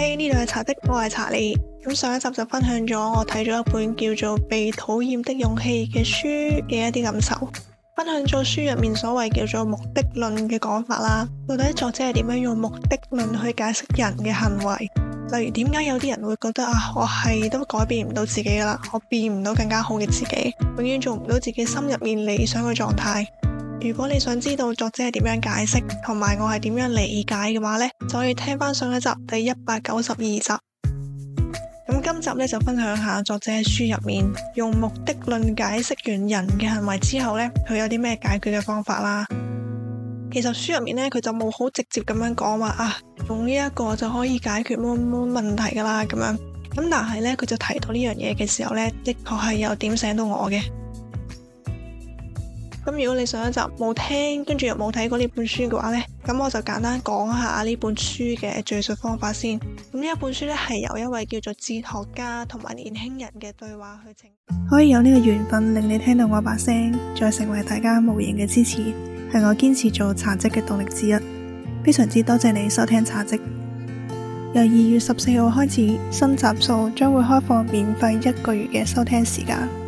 嗨，呢度係查的，我係查理。咁上一集就分享咗我睇咗一本叫做《被討厭的勇氣》嘅書嘅一啲感受，分享咗書入面所謂叫做目的論嘅講法啦。到底作者係點樣用目的論去解釋人嘅行為？例如點解有啲人會覺得啊，我係都改變唔到自己噶啦，我變唔到更加好嘅自己，永遠做唔到自己心入面理想嘅狀態。如果你想知道作者係點樣解釋，同埋我係點樣理解嘅話呢，就可以聽翻上上一集第一百九十二集。咁今集咧就分享下作者喺書入面用目的論解釋完人嘅行為之後呢，佢有啲咩解決嘅方法啦。其實書入面呢，佢就冇好直接咁樣講話啊，用呢一個就可以解決乜乜問題噶啦咁樣。咁但係呢，佢就提到呢樣嘢嘅時候呢，的確係有點醒到我嘅。咁如果你上一集冇聽，跟住又冇睇過呢本書嘅話呢，咁我就簡單講下呢本書嘅敘述方法先。咁呢一本書呢，係由一位叫做哲學家同埋年輕人嘅對話去呈現。可以有呢個緣分令你聽到我把聲，再成為大家無形嘅支持，係我堅持做茶嘖嘅動力之一。非常之多謝你收聽茶嘖。由二月十四號開始，新集數將會開放免費一個月嘅收聽時間。